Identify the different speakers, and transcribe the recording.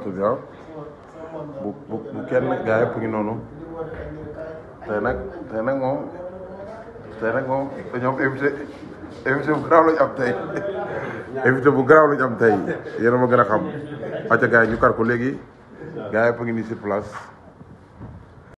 Speaker 1: waaw bu bu bu kenn gaa yëpp ngi noonu tey nag tey nag moom tey nag moom dañoo am invité bu garaw lañu am tey
Speaker 2: invité bu garaaw lañu am tey yéen a ma gën a xam acca gaa yi ñu kar ko léegi gaa yëpp ngi nii sur place